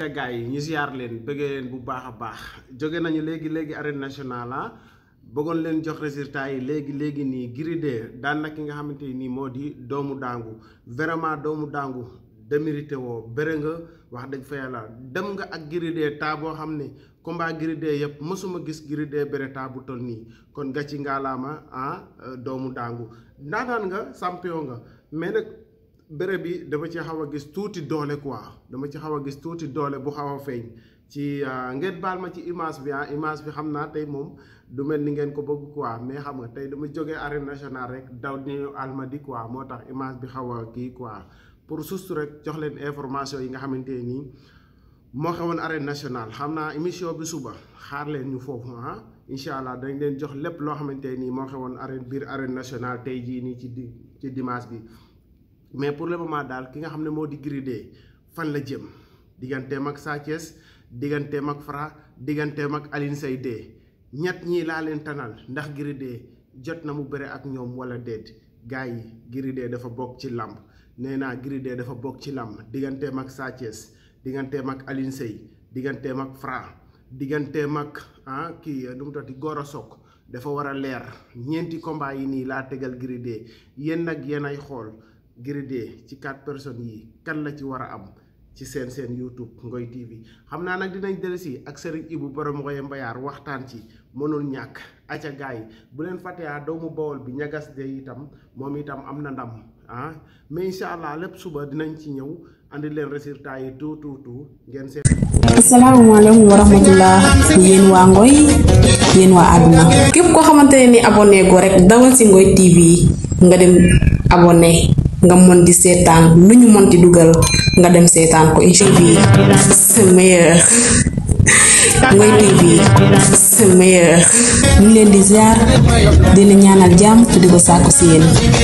te gars yi ñu siyaar leen bëggee leen bu baax a baax jóge nañu léegi léegi arène nationale ah bëggoon leen jox résultat yi léegi léegi nii Gris 2 daan na ki nga xamante ni moo di doomu daangu vraiment doomu daangu demérité woo bëre nga wax dëgg fa yàlla dem nga ak Gris 2 taa boo xam ne combat Gris 2 yëpp mësuma gis Gris 2 bëre taa bu toll nii kon gàcci ngaalaama ah doomu dàngu ndaanaan nga champion nga mais béréb bi dama ci xaw a gis tuuti doole quoi dama ci xaw a gis tuuti doole bu xaw a feeñ ci euh, ngeen baal ma ci image bi ah image bi xam naa tey moom du mel ni ngeen ko bëgg quoi mais xam nga tey dama jóge arène nationale rek daw ñu Almadies quoi moo tax image bi xaw a kii quoi pour sustu rek jox leen information yi nga xamante nii moo xewoon arène nationale xam naa émission bi suba xaar leen ñu foofu ah incha allah dañ leen jox lépp loo xamante nii moo xewoon arène biir arène nationale tey jii nii ci ci dimanche bi mais pour le moment daal ki nga xam ne moo di Gris fan la jëm digganteem ak Sa Thiès digganteem ak Fra digganteem ak Alioune Seye ñett ñii laa leen tanal ndax Gris jot na mu bëre ak ñoom wala déet gars yi Gris dafa bokk ci làmb nee naa Gris dafa bokk ci làmb digganteem ak Sa Thiès digganteem ak Alioune Seye Fra digganteem ak ah kii nu di tati a Sock dafa war a leer ñeenti combat yi nii laa tegal Gris 2 yéen nag yéen ay xool gridé ci 4 personnes yi kan la ci wara am ci sen sen youtube ngoy tv xamna nak dinañ delsi ak sëriñ ibu borom ngoy mbayar waxtan ci mënul ñàkk aca gaay bu leen a ah doomu bawol bi ñagas de itam mom itam amna ndam ah mais inshallah lepp suba dinañ ci ñew andi len resultat yi tout tout tout ngeen assalamu alaykum wa rahmatullah yeen wa ngoy yeen wa aduna kep ko xamantene ni abonné go rek dawal ci ngoy tv nga dem abonné nga mën di seetaan lu ñu mën di dugal nga dem seetaan ko IGTV c'est meilleur Ngoye TV c'est meilleur ñu leen di ziar di la ñaanal jàmm te di ko sàkku si yéen